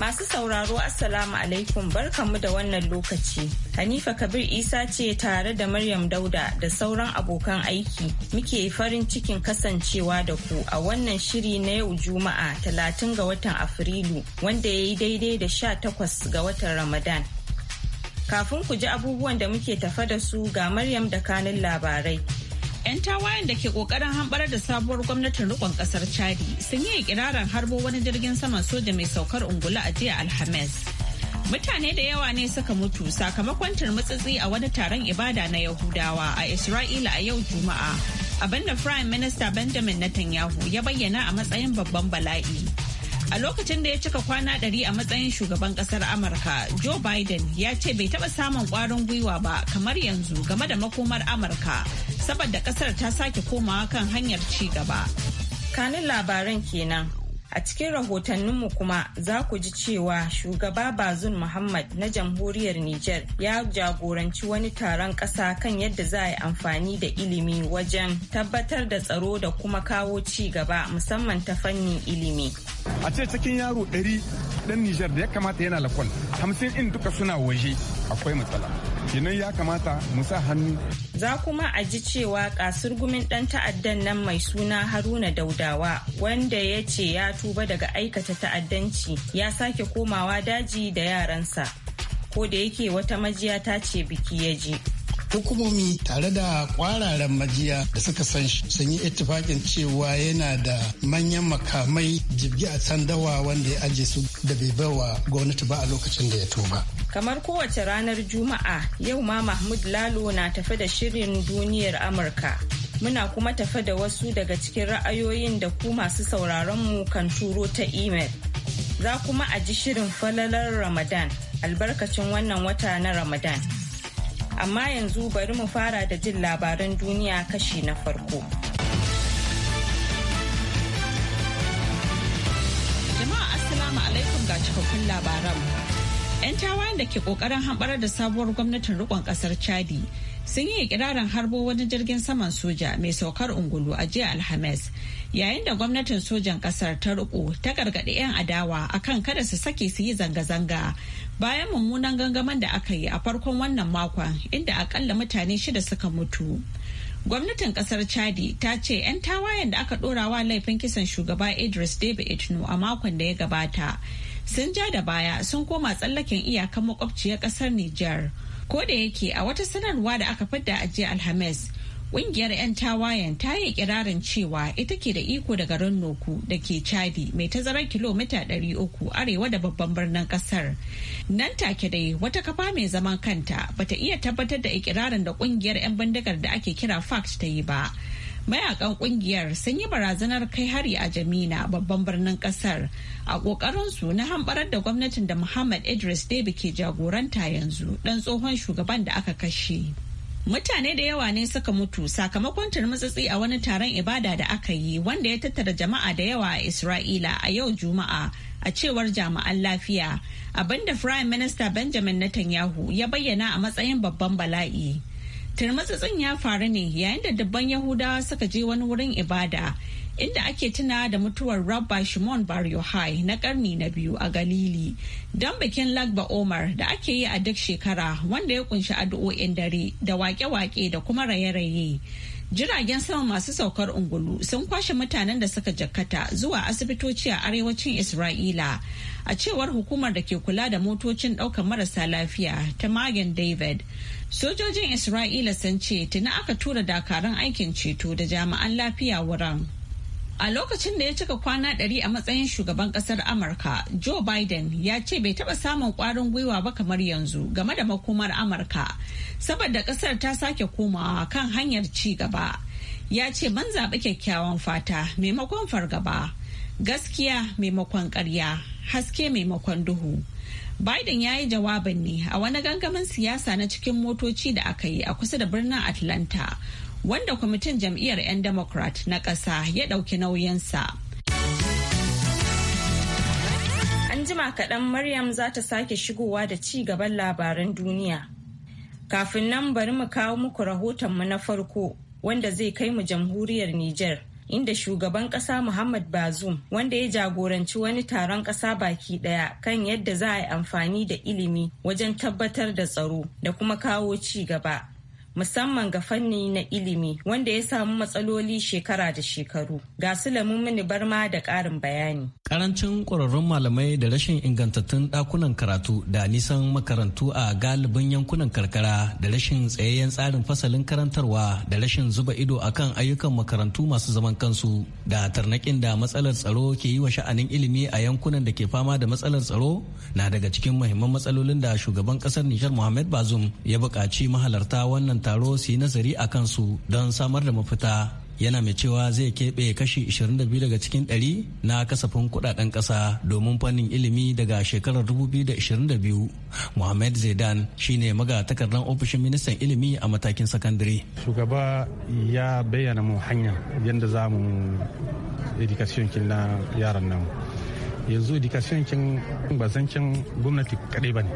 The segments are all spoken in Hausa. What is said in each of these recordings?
Masu sauraro Assalamu alaikum barkanmu da wannan lokaci. Hanifa Kabir Isa ce tare da Maryam Dauda da sauran abokan aiki muke farin cikin kasancewa da ku a wannan shiri na yau Juma'a talatin ga watan Afrilu wanda ya yi daidai da sha takwas ga watan Ramadan. Kafin ku ji abubuwan da muke tafa da su ga Maryam da kanin labarai. 'Yan tawayen da ke kokarin hambar da sabuwar gwamnatin rikon kasar Chadi sun yi ikirarin harbo wani jirgin saman soja mai saukar ungula a jiya Alhamis. Mutane da yawa ne suka mutu sakamakon turmutsitsi a wani taron ibada na Yahudawa a Isra'ila a yau Juma'a. Abinda Prime Minister Benjamin Netanyahu ya bayyana a matsayin babban bala'i. A lokacin da ya cika kwana ɗari a matsayin shugaban ƙasar Amurka, Joe Biden ya ce bai taɓa samun ƙwarin gwiwa ba kamar yanzu game da makomar Amurka saboda kasar ta sake komawa kan hanyar ci gaba. Kanin labaran kenan. A cikin rahotanninmu kuma za ku ji cewa shugaba Bazun Muhammad na jamhuriyar Nijar ya jagoranci wani taron ƙasa kan yadda za a yi amfani da ilimi wajen tabbatar da tsaro da kuma kawo ci gaba musamman ta fannin ilimi. A ce cikin yaro 100 ɗan Nijar da ya kamata yana lakwal, hamsin in duka suna waje akwai matsala. kenan ya kamata mu sa hannu za kuma a ji cewa gumin dan ta'addan nan mai suna haruna daudawa wanda ya ce ya tuba daga aikata ta'addanci ya sake komawa daji da yaransa ko da yake wata majiya ta ce biki ya je hukumomi tare da kwararen majiya da suka san shi sun yi ittifakin cewa yana da manyan makamai jibgi a sandawa wanda ya aje su da bai bawa gwamnati ba a lokacin da ya tuba Kamar kowace ranar Juma'a, yau ma Mahmud Lalo na tafe da shirin duniyar Amurka. Muna kuma tafe da wasu daga cikin ra'ayoyin da ku masu sauraronmu kan turo ta imel. Za kuma a ji shirin falalar Ramadan, albarkacin wannan wata na Ramadan. Amma yanzu bari mu fara da jin labaran duniya kashi na farko. Jama'a Assalamu alaikum ga cikakkun labaran. 'Yan tawayen da ke kokarin hamɓarar da sabuwar gwamnatin rikon ƙasar Chadi sun yi ikirarin harbo wani jirgin saman soja mai saukar ungulu a jiya Alhamis yayin da gwamnatin sojan ƙasar ta riko ta gargaɗi 'yan adawa akan kada su sake su yi zanga-zanga bayan mummunan gangamen da aka yi a farkon wannan makon inda akalla mutane shida suka mutu. gwamnatin kasar chadi ta ce 'yan tawayen da aka dorawa laifin kisan shugaba idris david etno a makon da ya gabata sun ja da baya sun koma tsallaken iyakan makwabciyar kasar Nijar. Ko da yake a wata sanarwa da aka fadda a jiya Alhamis, ƙungiyar 'yan tawayen ta yi kirarin cewa ita ke da iko daga rannoku da ke Chadi mai tazarar kilomita 300 arewa da babban birnin kasar. Nan take dai wata kafa mai zaman kanta bata iya tabbatar da ikirarin da ƙungiyar 'yan bindigar da ake kira FACT ta yi ba. mayakan kungiyar sun yi barazanar kai hari a jamina babban birnin kasar a su na hamɓarar da gwamnatin da muhammad idris debi ke jagoranta yanzu ɗan tsohon shugaban da aka kashe mutane da yawa ne suka mutu sakamakon turmutsitsi a wani taron ibada da aka yi wanda ya tattara jama'a da yawa a isra'ila a yau juma'a a cewar jami'an lafiya abinda prime minister benjamin netanyahu ya bayyana a matsayin babban bala'i matsatsin ya faru ne yayin da dabban Yahudawa suka je wani wurin ibada inda ake tuna da mutuwar Rabba Shimon Bar Yohai na karni na biyu a Galili don bikin Lagba Omar da ake yi a duk shekara wanda ya kunshi addu'o'in dare da wake-wake da kuma raye-raye. Jiragen sama masu saukar ungulu sun kwashe mutanen da suka jakkata zuwa asibitoci a arewacin Isra'ila a cewar hukumar da ke kula da motocin ɗaukar marasa lafiya ta magen david sojojin isra'ila sun ce tuni aka tura dakarun aikin ceto da jami'an lafiya wurin a lokacin da ya cika kwana ɗari a matsayin shugaban ƙasar amurka joe biden ya ce bai taɓa samun ƙwarin gwiwa ba kamar yanzu game da makomar amurka saboda ƙasar ta sake komawa kan hanyar ci gaba ya ce ban zaɓi kyakkyawan fata maimakon fargaba gaskiya maimakon ƙarya haske maimakon duhu biden ya yi jawaban ne a wani gangamin siyasa na cikin motoci da aka yi a kusa da birnin atlanta wanda kwamitin jam'iyyar 'yan democrat na ƙasa ya ɗauki nauyinsa an jima kaɗan maryam za ta sake shigowa da ci gaban labaran duniya kafin nan bari mu kawo muku rahoton mu na farko wanda zai kai mu jamhuriyar niger inda shugaban kasa Muhammad Bazoum wanda ya jagoranci wani taron kasa baki daya kan yadda za a yi amfani da ilimi wajen tabbatar da tsaro da kuma kawo ci gaba. musamman ga fanni na ilimi wanda ya samu matsaloli shekara da shekaru ga su mini barma da ƙarin bayani. Karancin ƙwararrun malamai da rashin ingantattun ɗakunan karatu da nisan makarantu a galibin yankunan karkara da rashin tsayayyen tsarin fasalin karantarwa da rashin zuba ido akan ayyukan makarantu masu zaman kansu da tarnaƙin da matsalar tsaro ke yi wa sha'anin ilimi a yankunan da ke fama da matsalar tsaro na daga cikin muhimman matsalolin da shugaban ƙasar Nijar Muhammad Bazum ya buƙaci mahalarta wannan taro su yi nazari a kansu don samar da mafita yana mai cewa zai keɓe kashi 22 daga cikin 100 na kasafin kudaden ƙasa domin fannin ilimi daga shekarar 2022 mohamed zaidan shine maga takardar ofishin ministan ilimi a matakin sakandare shugaba ya bayyana mu hanya yadda za mu education kin na yaran nan yanzu education kin ba zancen gwamnati kadai ba ne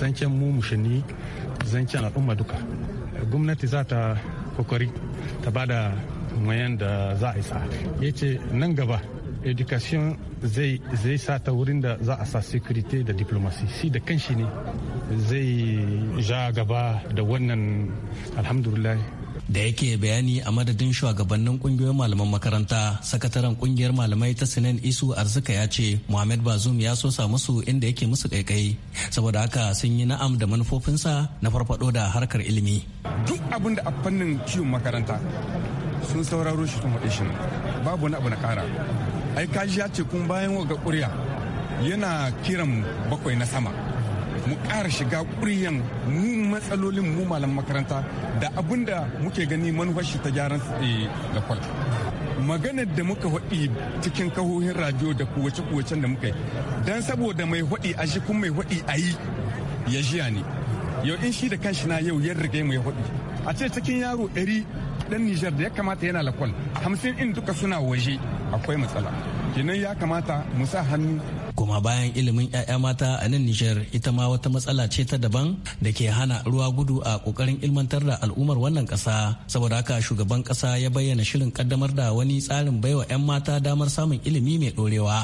zancen mu mushini zancen al'umma duka gwamnati za ta kokari ta bada da mayan da za a isa ya ce nan gaba education zai zai sa ta wurin da za a sa security da diplomacy si da kan shi ne zai ja gaba da wannan alhamdulillah da yake bayani a madadin shugabannin kungiyoyin malaman makaranta sakataren kungiyar malamai ta sinan isu arzika ya ce muhammad bazum ya so sa musu inda yake musu kaikai saboda haka sun yi na'am da manufofinsa na farfado da harkar ilimi duk abin da a fannin kiwon makaranta sun sauraro shi kuma ishin babu wani abu na kara ai kaji ya ce kun bayan waga kuriya yana kiran bakwai na sama mu ƙara shiga ƙuryan mu matsalolin mu malam makaranta da abin da muke gani manufar shi ta gyaran lakwal. Eh, maganar da muka haɗi cikin kahohin radio da kuwace-kuwacen da muka yi don saboda mai haɗi a shi kuma mai haɗi a yi ya jiya ne yau in shi da kanshi na yau ya riga mai haɗi a ce cikin yaro ɗari dan Nijar da ya kamata yana lakwal hamsin in duka suna waje akwai matsala kenan ya kamata mu sa hannu kuma bayan ilimin 'ya'ya mata a nan Nijar ita ma wata matsala ce ta daban da ke hana ruwa gudu a kokarin ilmantar da al'ummar wannan kasa saboda haka shugaban kasa ya bayyana shirin kaddamar da wani tsarin baiwa 'yan mata damar samun ilimi mai dorewa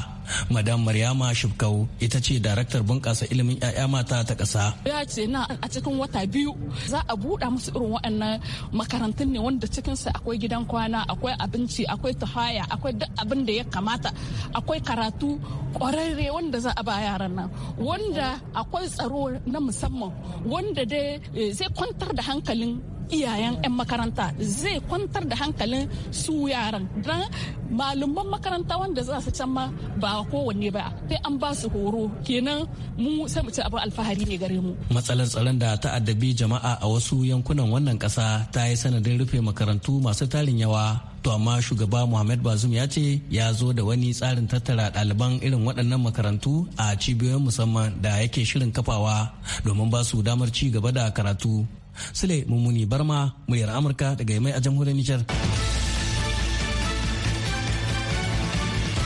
madam maryama shifkau ita ce daraktar bunƙasa ilimin 'ya'ya mata ta kasa. ya ce na a cikin wata biyu za a buɗa musu irin waɗannan makarantun ne cikin cikinsa akwai gidan kwana akwai abinci akwai tuhaya akwai duk abin da ya kamata akwai karatu kwararre wanda za a ba yaran nan wanda akwai tsaro na musamman wanda dai eh, zai kwantar da hankalin iyayen 'yan makaranta zai kwantar da hankalin su yaran don malaman makaranta wanda za su can ma ba kowanne ba sai an ba su horo kenan mu sai mu ci abin alfahari ne gare mu matsalar tsaron da ta'addabi jama'a a wasu yankunan wannan kasa ta yi sanadin rufe makarantu masu tarin yawa to amma shugaba muhammad bazum ya ce ya zo da wani tsarin tattara ɗaliban irin waɗannan makarantu a cibiyoyin musamman da yake shirin kafawa domin ba su damar ci gaba da karatu Sule Mummuni Barma, muryar Amurka daga mai a jamhuriyar Nijar.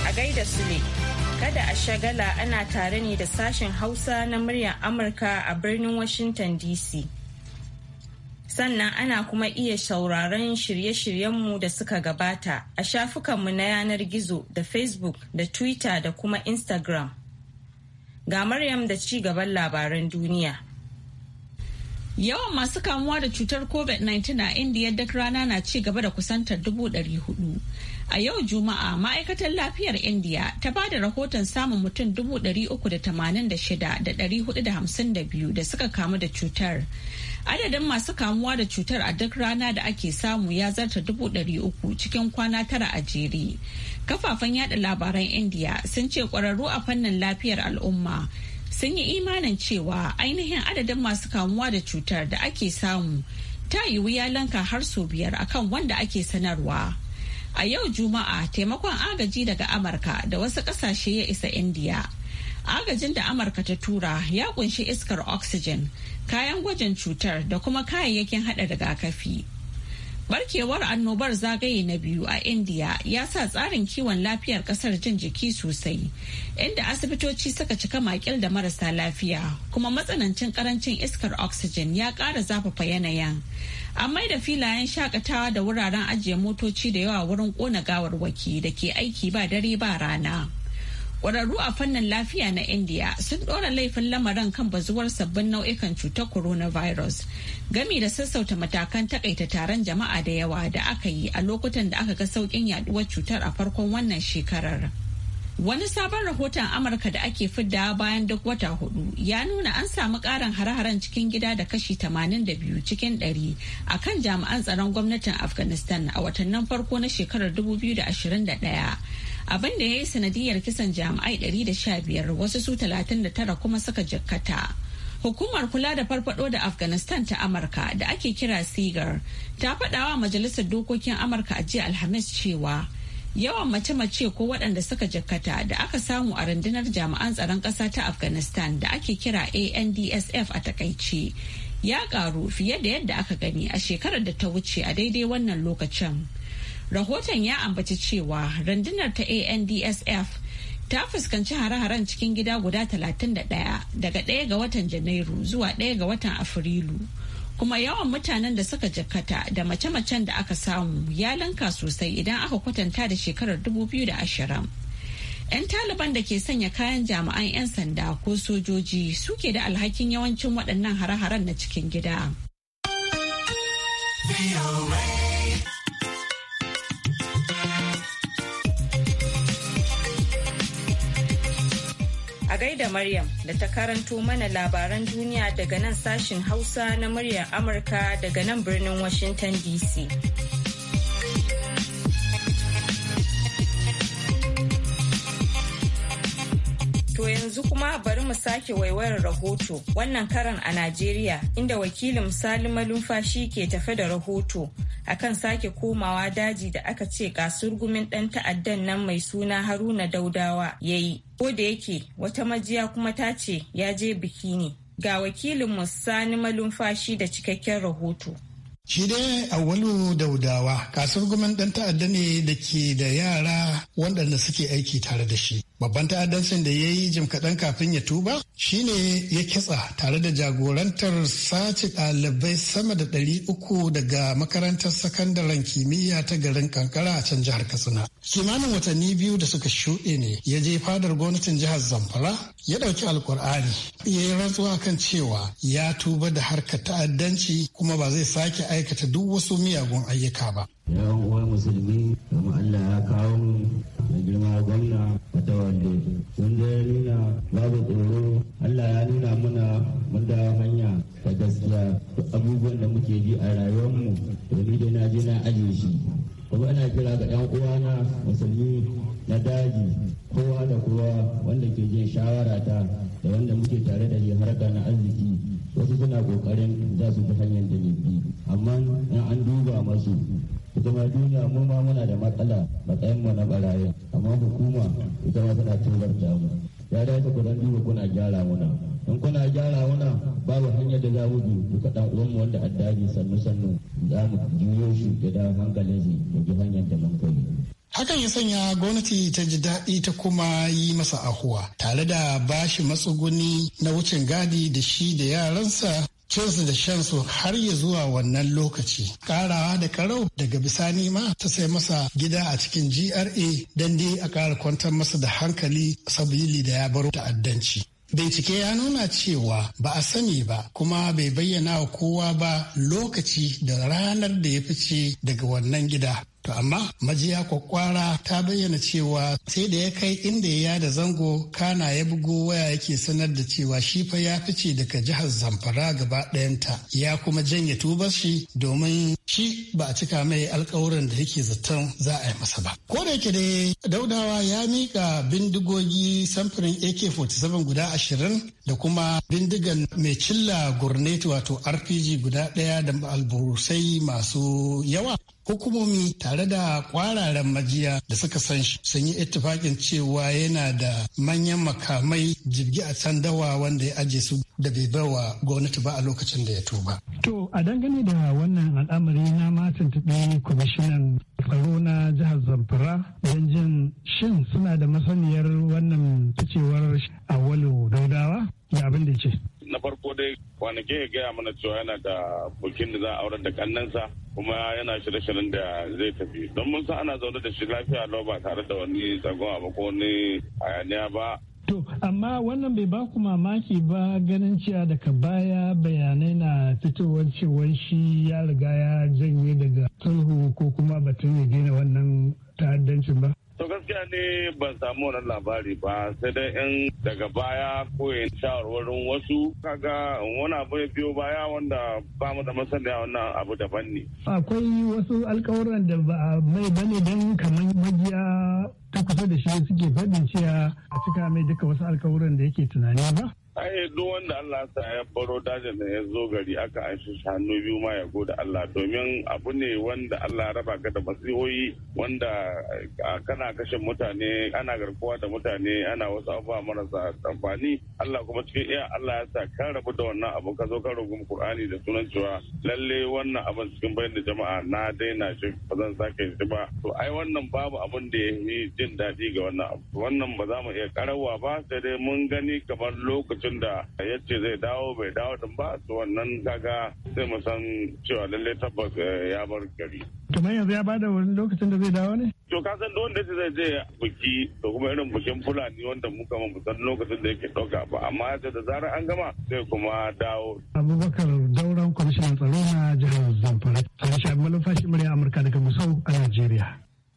A gaida Sule, kada a shagala ana tare ne da sashen Hausa na muryar Amurka a birnin Washington DC. Sannan ana kuma iya sauraron shirye-shiryenmu da suka gabata a shafukanmu na yanar gizo da Facebook da Twitter da kuma Instagram. Ga Maryam da ci gaban labaran duniya. Yawan masu kamuwa da cutar COVID-19 a Indiya duk rana na ci gaba da kusantar dubu ɗari hudu. A yau Juma'a ma'aikatar lafiyar Indiya ta ba da rahoton samun mutum dubu ɗari uku da tamanin da shida da ɗari hudu da hamsin da biyu da suka kamu da cutar. Adadin masu kamuwa da cutar a duk rana da ake samu ya zarta dubu ɗari uku cikin kwana tara a jere. Kafafen yada labaran Indiya sun ce ƙwararru a fannin lafiyar al'umma sun yi imanin cewa ainihin adadin masu kamuwa da cutar da ake samu ta yi ya lanka har sau biyar akan wanda ake sanarwa. A yau Juma'a taimakon agaji daga Amurka da wasu ƙasashe ya isa Indiya. Agajin da Amurka ta tura ya kunshi iskar oxygen, kayan gwajin cutar da kuma kayayyakin haɗa rigakafi. Barkewar annobar zagaye na biyu a India ya sa tsarin kiwon lafiyar kasar jin jiki sosai, inda asibitoci suka cika makil da marasa lafiya, kuma matsanancin karancin iskar oxygen ya ƙara zafafa yanayin. An da filayen shakatawa da wuraren ajiye motoci da yawa wurin ƙona gawarwaki da ke aiki ba dare ba rana. Kwararru a fannin lafiya na India sun ɗora laifin lamarin kan bazuwar sabbin nau'ikan cutar coronavirus gami da sassauta matakan takaita taron jama'a da yawa da aka yi a lokutan da aka ga saukin yaduwar cutar a farkon wannan shekarar. Wani sabon rahoton Amurka da ake fidda bayan duk wata hudu ya nuna an samu karin hare-haren cikin gida da kashi 82 cikin 100 a kan jami'an tsaron gwamnatin Afghanistan a watannin farko na shekarar 2021 abin da ya yi sanadiyar kisan jami'ai 115 wasu su 39 kuma suka jikkata. Hukumar kula da farfado da Afghanistan ta Amurka da ake kira SIGAR ta faɗawa Majalisar Dokokin Amurka a jiya Alhamis cewa yawan mace-mace ko waɗanda suka jikkata da aka samu a rundunar jami'an tsaron ƙasa ta Afghanistan da ake kira ANDSF a takaici ya ƙaru fiye da yadda aka gani a shekarar da ta wuce a daidai wannan lokacin. Rahoton ya ambaci cewa rundunar ta ANDSF ta fuskanci hare-haren cikin gida guda 31 daga 1 ga watan Janairu zuwa 1 ga watan Afrilu. Kuma yawan mutanen da suka jakata da mace-macen da aka samu ya lanka sosai idan aka kwatanta da shekarar 2020. 'Yan Taliban da ke sanya kayan jami'an 'yan sanda ko sojoji suke da alhakin yawancin waɗannan hare-haren na cikin gida. A gaida Maryam da ta karanto mana labaran duniya daga nan sashin Hausa na muryar Amurka daga nan birnin Washington DC. To yanzu kuma bari mu sake waiwayar rahoto wannan karan a Najeriya inda wakilin misali malumfashi ke tafe da rahoto akan sake komawa daji da aka ce kasurgumin ɗan ta'addan nan mai suna Haruna Daudawa ya yi. Ko da yake wata majiya kuma ta ce ya je biki ne. Ga wakilin Sani malumfashi da cikakken rahoto. Shi dai Auwalu Daudawa, kasar ɗan ta'adda ne da ke da yara waɗanda suke aiki tare da shi. Babban ta'addancin da ya yi jim kaɗan kafin ya tuba shi ne ya kitsa tare da jagorantar sace ɗalibai sama da ɗari uku daga makarantar sakandaren kimiyya ta garin kankara a can jihar Katsina. Kimanin watanni biyu da suka shuɗe ne ya je fadar gwamnatin jihar Zamfara ya ɗauki alkur'ani ya yi rantsuwa kan cewa ya tuba da harka ta'addanci kuma ba zai sake aikata duk wasu miyagun ayyuka ba. Ya musulmi, Allah ya kawo na girma gwamna wata wande. wanda ya nuna babu tsoro allah ya nuna muna wanda hanya ta gaskiya abubuwan da muke ji a rayuwarmu domin da na je na ajiye shi kuma ana kira ga yan uwana musulmi na daji kowa da kowa wanda ke jin shawara ta da wanda muke tare da shi harka na arziki wasu suna kokarin za su fi hanyar da ne amma in an duba masu ita ma duniya mu ma muna da matsala matsayin mu na barayi amma hukuma ita ma tana tozarta mu ya dace ku dan duba kuna gyara muna in kuna gyara muna babu hanyar da za mu bi duka dan uwan mu wanda addani sannu sannu za mu juyo shi ya da hankalin shi da hanyar da mun kai hakan ya sanya gwamnati ta ji daɗi ta kuma yi masa ahuwa tare da bashi matsuguni na wucin gadi da shi da yaransa cinsu da shansu har ya zuwa wannan lokaci karawa da karau daga bisani ma ta sai masa gida a cikin gra don dai a kara kwantar masa da hankali sabili da ya baro ta'addanci Bincike ya nuna cewa ba a sani ba kuma bai bayyana wa kowa ba lokaci da ranar da ya fice daga wannan gida To amma majiya kwakwara ta bayyana cewa sai da ya kai inda ya yada zango kana ya bugo waya yake sanar da cewa shi fa ya fice daga jihar Zamfara gaba ɗayanta ya kuma janye tubar shi domin shi ba a cika mai alkawuran da yake zaton za a yi masa ba. Ko da yake dai daudawa ya miƙa bindigogi samfurin AK-47 guda ashirin da kuma bindigan mai cilla gurnet wato RPG guda ɗaya da alburusai masu yawa hukumomi tare da kwararen majiya da suka san shi sun yi ittifakin cewa yana da manyan makamai jirgi a can dawa wanda ya aje su da bai bar wa gwamnati ba a lokacin da ya tuba. To a dangane da wannan al'amari na matan tuntuɓi kwamishinan tsaro na jihar Zamfara don jin shin suna da masaniyar wannan ficewar awalu daudawa ga abin da ce. Na farko dai kwanake ya gaya mana cewa yana da bukin da za a aurar da kannansa kuma yana shirye-shiryen da zai tafi don mun san ana zaune da shi lafiya lau ba tare da wani tsagon abu ko wani hayaniya ba To, amma wannan bai baku mamaki ba ganin cewa daga baya bayanai na fitowar cewar shi ya riga ya janye daga sulhu ko kuma batun ya gina wannan ta'addancin ba. To gaskiya ne ban samu wannan labari ba sai dai yan daga baya ko in shawarwarin wasu kaga wani abu ya biyo baya wanda ba mu da masaniya wannan abu daban ne. Akwai wasu alkawuran da ba mai bane don kamar majiya ta kusa da shi suke faɗin cewa a cika mai duka wasu alkawuran da yake tunani ba? ai duk wanda Allah sa ya baro dajin da ya zo gari aka aishi hannu biyu ma ya goda Allah domin abu ne wanda Allah raba ka da masihohi wanda kana kashe mutane ana garkuwa da mutane ana wasu abubuwa marasa amfani Allah kuma cikin iya Allah ya sa kan rabu da wannan abu ka zo ka rubu Qur'ani da sunan cewa lalle wannan abin cikin bayan da jama'a na daina shi ba zan sake shi ba to ai wannan babu abin da ya yi jin daɗi ga wannan abu wannan ba za mu iya karawa ba sai dai mun gani kamar lokaci lokacin da ya ce zai dawo bai dawo din ba to wannan kaga sai mu san cewa lallai tabbas eh, ya bar gari kamar yanzu ya bada wani lokacin da zai dawo ne to ka san don da zai je biki to kuma irin bikin fulani wanda muka mu san lokacin da yake dauka ba amma ya da zarar an gama sai kuma dawo abubakar dauran kwamishinan tsaro na jihar zamfara sani shabi malufashi murya amurka daga musau a najeriya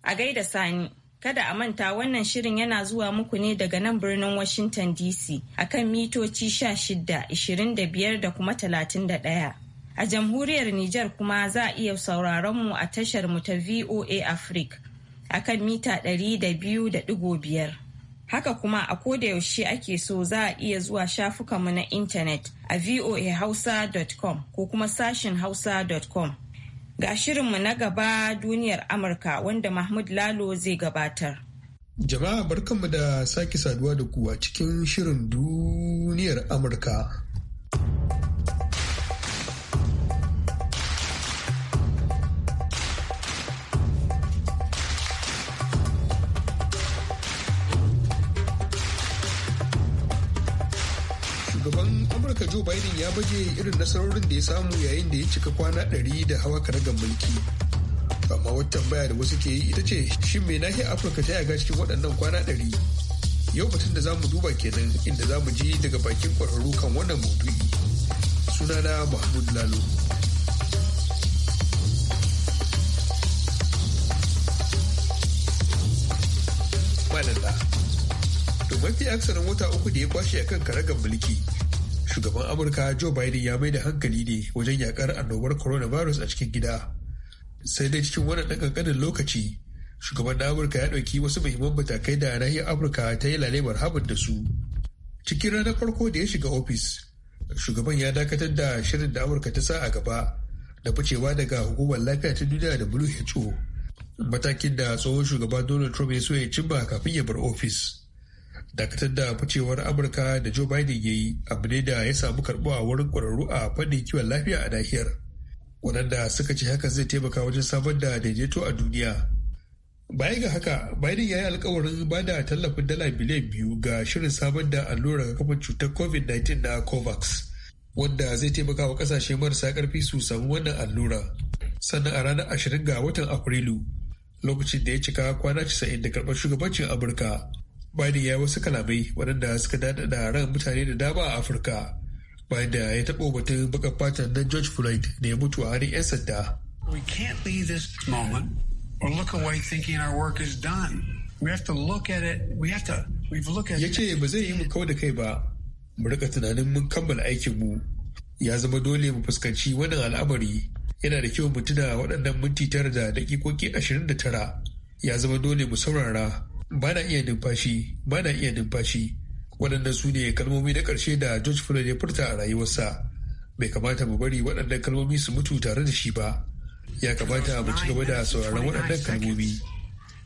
a gaida sani Kada a manta wannan shirin yana zuwa muku ne daga nan birnin Washington DC akan mitoci 16, 25 da kuma 31. A jamhuriyar Nijar kuma za a iya sauraron mu a tashar mu ta VOA Africa akan mita 200.5. Haka kuma a koda yaushe ake so za a iya zuwa shafukanmu na intanet a voahausa.com ko kuma sashin hausa.com. Ga shirinmu na gaba duniyar Amurka wanda Mahmud Lalo zai gabatar. Jama'a barkanmu da sake saduwa da kuwa cikin shirin duniyar Amurka amurka joe biden ya baje irin nasarorin da ya samu yayin da ya cika kwana ɗari da hawa karagar mulki amma wata tambaya da wasu ke yi ita ce shin me nahiya afirka ta yaga cikin waɗannan kwana ɗari yau batun da za mu duba kenan inda zamu ji daga bakin kwararru kan wannan suna na mahmud lalo malalla to mafi aksarin wata uku da ya kwashe akan karagar mulki shugaban amurka joe biden ya mai da hankali ne wajen yakar annobar coronavirus a cikin gida sai dai cikin wannan ɗan ƙanƙanin lokaci shugaban na amurka ya ɗauki wasu muhimman matakai da nahiyar amurka ta yi lalemar habin da su cikin ranar farko da ya shiga ofis shugaban ya dakatar da shirin da amurka ta sa a gaba da ficewa daga hukumar lafiya ta duniya da who matakin da tsohon shugaban donald trump ya so ya cimma kafin ya bar ofis dakatar da ficewar amurka da joe biden ya yi abu ne da ya samu a wurin kwararru a fannin kiwon lafiya a nahiyar waɗanda suka ce haka zai taimaka wajen samar da daidaito a duniya baya ga haka biden ya yi alkawarin ba da tallafin dala biliyan biyu ga shirin samar da allurar kafin cutar covid-19 na covax wanda zai taimaka wa kasashe marasa karfi su samu wannan allura sannan a ranar ashirin ga watan afrilu lokacin da ya cika kwana 90 da karɓar shugabancin amurka da ya wasu kalamai waɗanda suka daɗaɗa ran mutane da dama a Afirka bayan da ya taɓo batun baka fatan na George Floyd da ya mutu a hannun 'yan sanda. We can't leave this moment or look away thinking our work is done. We have to look at it. We have to. We've look at. ce ba zai yi mu kawai da kai ba. Mu rika tunanin mun kammala aikin mu. Ya zama dole mu fuskanci wannan al'amari. Yana da kyau mu tuna waɗannan minti tara da dakikoki ashirin da tara. Ya zama dole mu saurara ba iya numfashi ba iya numfashi waɗannan su ne kalmomi na ƙarshe da george floyd ya furta a rayuwarsa bai kamata mu bari waɗannan kalmomi su mutu tare da shi ba ya kamata mu ci gaba da sauraron waɗannan kalmomi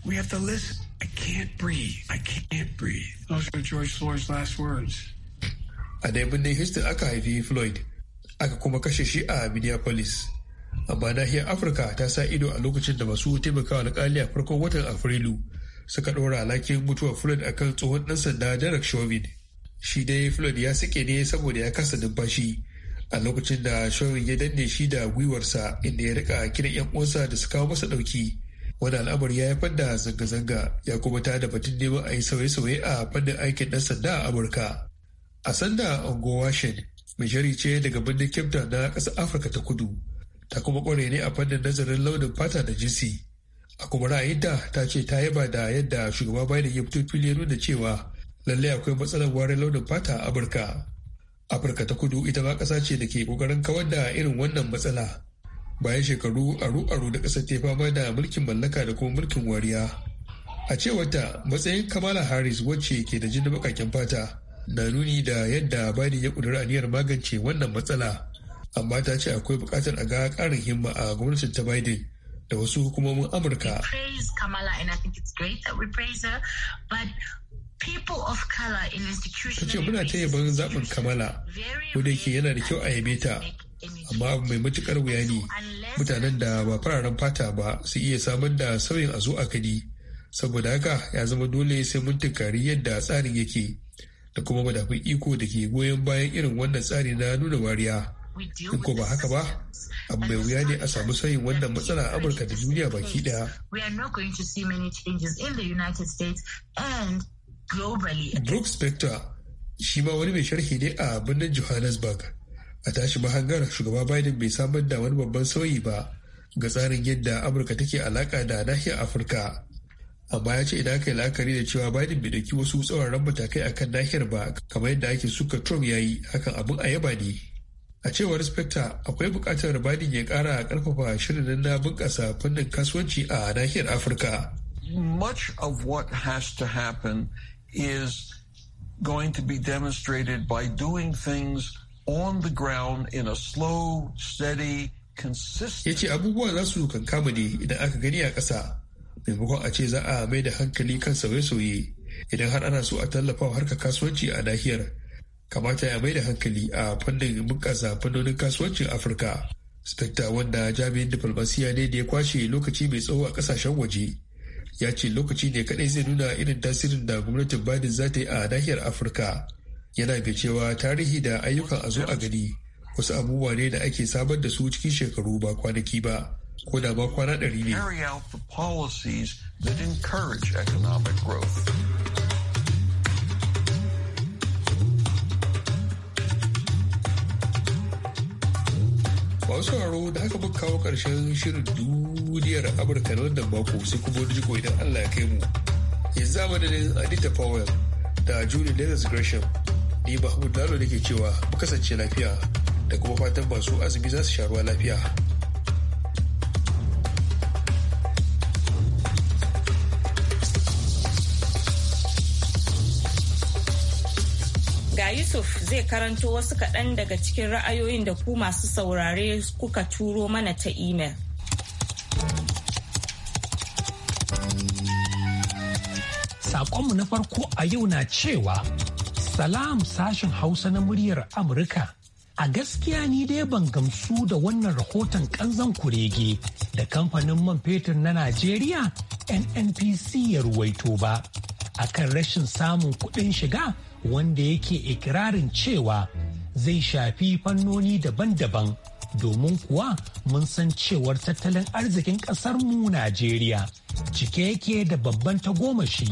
We have to listen. I can't breathe. I can't breathe. Those are George Floyd's last words. A ɗaya birnin Houston aka haifi Floyd, aka kuma kashe shi a Minneapolis. Amma nahiyar Afirka ta sa ido a lokacin da masu taimakawa alƙali a farkon watan Afrilu suka ɗora alhakin mutuwar Floyd akan tsohon ɗan sanda Derek Chauvin. Shi dai Floyd ya sike ne saboda ya kasa numfashi a lokacin da Chauvin ya danne shi da gwiwarsa inda ya rika kiran 'yan uwansa da su kawo masa ɗauki. Wani al'amari ya haifar da zanga-zanga ya kuma da batun neman a yi sauye-sauye a fannin aikin ɗan sanda a Amurka. A sanda Washin, mai shari ce daga birnin Cape na ƙasar Afirka ta Kudu, ta kuma ƙware ne a fannin nazarin launin fata da jinsi. a kuma ra'ayinta ta ce ta yaba da yadda shugaba biden ya fito fili nuna cewa lallai akwai matsalar warin launin fata a amurka afirka ta kudu ita ma ƙasa ce da ke ƙoƙarin kawar da irin wannan matsala bayan shekaru aru-aru da ƙasar ta fama da mulkin mallaka da kuma mulkin wariya a cewarta matsayin kamala harris wacce ke da jinin bakakin fata na nuni da yadda biden ya ƙudiri aniyar magance wannan matsala amma ta ce akwai buƙatar a ga ƙarin himma a gwamnatin ta biden da wasu hukumomin Amurka. Ta ce muna ta yabon zaɓin Kamala, ko yake yana da kyau a yabe ta, amma mai matuƙar wuya ne mutanen da ba fararen fata ba su iya samar da sauyin a zo a kadi saboda haka ya zama dole sai mun tunkari yadda tsarin yake da kuma madafin iko da ke goyon bayan irin wannan tsari na nuna wariya ko ba haka ba abu mai wuya ne a samu sauyin wannan matsala a amurka da duniya baki daya brooks Spector shi ma wani mai sharhi ne a birnin Johannesburg. A tashi mahangar shugaba Biden bai samar da wani babban sauyi ba ga tsarin yadda Amurka take alaka da nahiyar Afirka. Amma ya ce idan aka yi la'akari da cewa Biden bai dauki wasu ran matakai akan nahiyar ba kamar yadda ake suka Trump ya yi hakan abin a yaba ne. a cewar akwai biden ya shirin na fannin kasuwanci a nahiyar afirka much of what has to happen is going to be demonstrated by doing things on the ground in a slow steady consistent yace abubuwa za su kankama ne idan aka gani a ƙasa maimakon a ce za a mai da hankali kan sauye-sauye idan har ana so a tallafa harkar kasuwanci a nahiyar kamata ya mai da hankali a fannin bunƙasa fannonin kasuwancin afirka spekta wanda jami'in diflomasiya ne da ya kwashe lokaci mai tsawo a ƙasashen waje ya ce lokaci ne kaɗai zai nuna irin tasirin da gwamnatin biden za ta yi a nahiyar afirka yana mai cewa tarihi da ayyukan a a gani wasu abubuwa ne da ake samar da su cikin shekaru ba kwanaki ba ko da ba kwana ɗari ne. masu sauraro da haka muka kawo ƙarshen shirin duniyar Amurka na wannan mako sai kuma wani jiko idan Allah ya kai mu. Yanzu a madadin Adita Powell da Julie legas Gresham ni ba Lalo da ke cewa kasance lafiya da kuma fatan masu azumi za su sha ruwa lafiya. Yusuf zai karanto wasu kaɗan daga cikin ra'ayoyin da ku masu saurare kuka turo mana ta imel. Saƙonmu na farko a yau na cewa, Salam sashen Hausa na muryar Amurka. A gaskiya ni dai ban gamsu da wannan rahoton kanzan kurege da kamfanin man fetur na Najeriya NNPC ya ruwaito ba. akan rashin samun kuɗin shiga wanda yake ikirarin cewa zai shafi fannoni daban-daban domin kuwa mun san cewar tattalin arzikin ƙasarmu Najeriya cike yake da babban tagomashi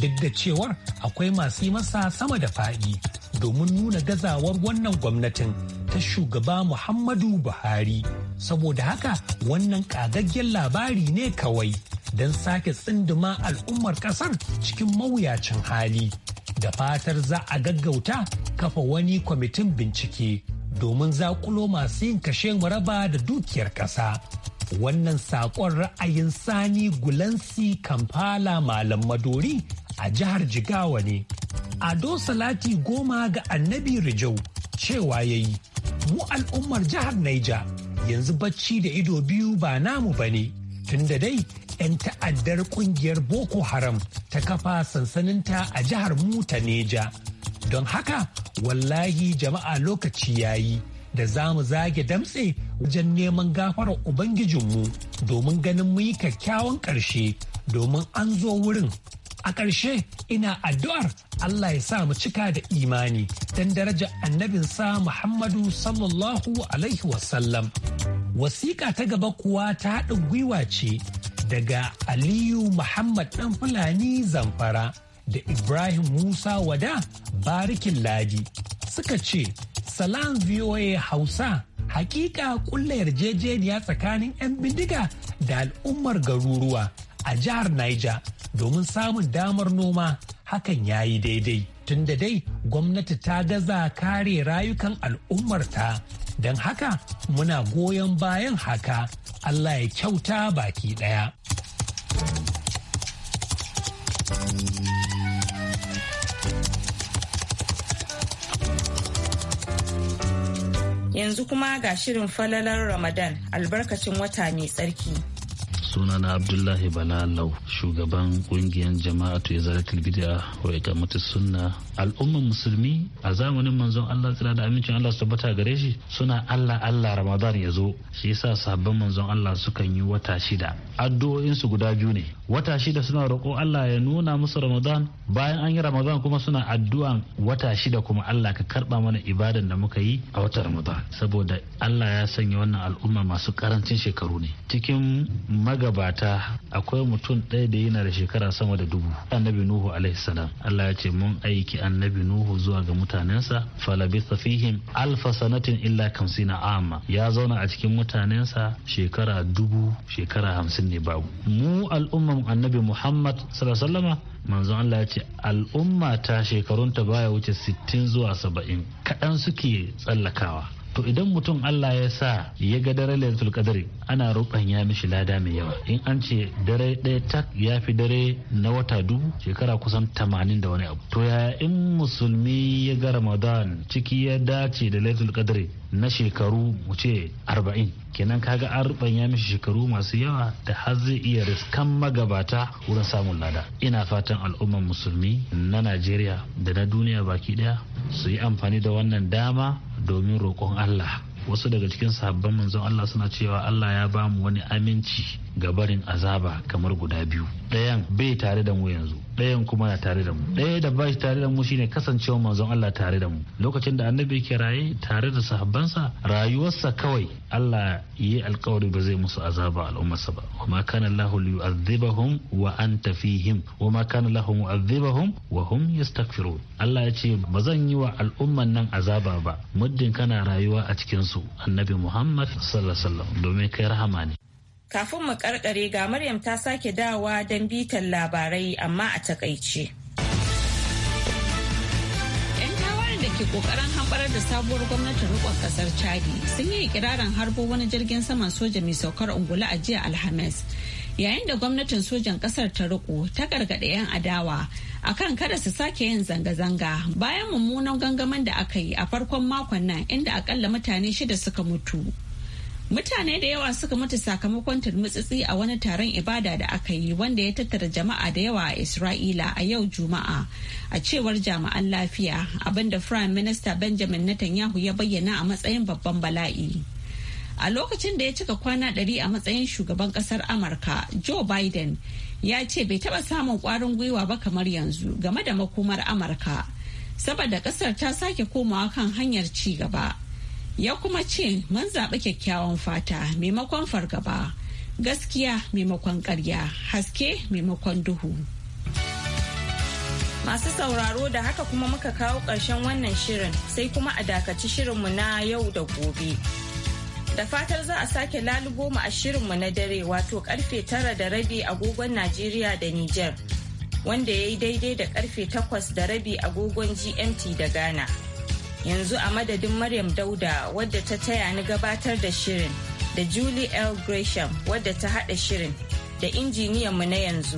duk da cewar akwai masu masa sama da faɗi domin nuna gazawar wannan gwamnatin ta shugaba Muhammadu Buhari. Saboda haka wannan ƙagaggen labari ne kawai don sake tsinduma al'ummar kasar cikin mawuyacin hali da fatar za a gaggauta kafa wani kwamitin bincike domin zakulo masu yin kashe maraba da dukiyar ƙasa. Wannan saƙon ra'ayin Sani Gulansi Kampala Malam Madori a jihar Jigawa ne. Ado Salati goma ga Annabi Rijau cewa ya yi, mu al'ummar jihar Naija yanzu bacci da ido biyu ba namu ba ne, da dai 'yan ta'addar kungiyar Boko Haram ta kafa sansaninta a jihar muta Neja. Don haka, wallahi jama'a lokaci yayi da za mu zage damtse wajen neman gafarar Ubangijinmu domin ganin mu yi kyakkyawan ƙarshe domin an zo wurin. A ƙarshe ina addu'ar Allah ya sa mu cika da imani don daraja annabinsa Muhammadu sallallahu Alaihi wasallam. Wasiƙa ta gaba kuwa ta haɗin gwiwa ce daga Aliyu Muhammad ɗan Fulani Zamfara da Ibrahim Musa Wada Barikin Ladi suka ce, Salam VOA Hausa, hakika kulla yarjejeniya tsakanin 'yan bindiga da al'ummar garuruwa a jihar Niger domin samun damar noma hakan ya yi daidai. Tunda dai gwamnati ta gaza kare rayukan al'ummarta Don haka muna goyon bayan haka Allah ya kyauta baki ɗaya. Yanzu kuma ga shirin falalar Ramadan albarkacin wata mai tsarki. Suna na abdullahi balalau shugaban kungiyar jama'atu ya zaratul bid'a wa kamata sunna Al'ummar musulmi a zamanin manzon Allah tsira da amincin Allah su tabbata gare shi suna Allah Allah Ramadan ya zo shi yasa sabbin manzon Allah sukan yi wata shida Addu'o'insu guda biyu ne wata shida suna roƙo Allah ya nuna musu Ramadan bayan an yi Ramadan kuma suna addu'an wata shida kuma Allah ka karɓa mana ibadan da muka yi a wata Ramadan saboda Allah ya sanya wannan al'umma masu karancin shekaru ne cikin magabata akwai mutum ɗaya da yana da shekara sama da dubu annabi Nuhu alaihi salam Allah ya ce mun aiki annabi Nuhu zuwa ga mutanensa falabitha fihim alfa sanatin illa kamsina amma ya zauna a cikin mutanensa shekara dubu shekara hamsin ne babu mu al'umma imam annabi muhammad sallama manzon allah ya ce al'umma ta shekarunta baya wuce 60 zuwa 70 kaɗan suke tsallakawa to idan mutum Allah ya sa ya ga dare lailatul qadri ana ya mishi lada mai yawa in an ce dare ɗaya tak ya fi dare na wata dubu shekara kusan tamanin da wani abu to ya in musulmi ya ga ramadan ciki ya dace da lailatul qadri na shekaru mu ce arba'in kenan kaga an rubanya mishi shekaru masu yawa da har zai iya riskan magabata wurin samun lada ina fatan al'ummar musulmi na najeriya da na duniya baki ɗaya su yi amfani da wannan dama domin roƙon Allah wasu daga cikin sabbin manzon Allah suna cewa Allah ya bamu wani aminci ga barin azaba kamar guda biyu ɗayan bai tare da mu yanzu ɗayan kuma na tare da mu ɗaya da ba shi tare da mu shine kasancewa manzon Allah tare da mu lokacin da annabi ke raye tare da sahabbansa rayuwarsa kawai Allah yi alkawari ba zai musu azaba al'ummarsa ba wa ma kana Allahu yu'adhibahum wa anta fihim wa ma kana Allahu mu'adhibahum wa hum yastaghfirun Allah ya ce ba zan yi wa al'umman nan azaba ba muddin kana rayuwa a cikin su annabi Muhammad sallallahu alaihi wasallam domin kai rahama ne Kafin mu karkare ga Maryam ta sake dawowa don bitan labarai amma a takaice. da ke kokarin hamɓarar da sabuwar gwamnatin rikon kasar chadi sun yi ikirarin harbo wani jirgin saman soja mai saukar ungula a jiya alhamis yayin da gwamnatin sojan kasar ta riko ta gargaɗa 'yan adawa akan kada su sake yin zanga-zanga bayan mummunan gangamin da aka yi a farkon makon nan inda akalla mutane shida suka mutu. Mutane da yawa suka mutu sakamakon turmutsitsi a wani taron ibada da aka yi wanda ya tattara jama'a da yawa a Isra'ila a yau Juma'a a cewar jami'an lafiya abinda Prime Minister Benjamin Netanyahu ya bayyana a matsayin babban bala'i. A lokacin da ya cika kwana ɗari a matsayin shugaban ƙasar Amurka, Joe Biden ya ce bai taɓa samun ƙwarin gwiwa ba kamar yanzu game da makomar Amurka. Saboda ƙasar ta sake komawa kan hanyar ci gaba. ya kuma ce mun zaɓi kyakkyawan fata maimakon fargaba gaskiya maimakon ƙarya haske maimakon duhu masu sauraro da haka kuma muka kawo ƙarshen wannan shirin sai kuma a dakaci shirinmu na yau da gobe da fatar za a sake lalubo mu a shirinmu na dare wato karfe tara da rabi agogon najeriya da niger wanda ya yi daidai da karfe takwas da rabi agogon gmt da ghana yanzu a madadin maryam dauda wadda ta taya ni gabatar da shirin da julie l gresham wadda ta hada shirin da injiniyan mu na yanzu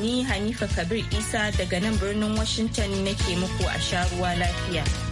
ni hanifa kabir isa daga nan birnin washington nake muku a sha ruwa lafiya.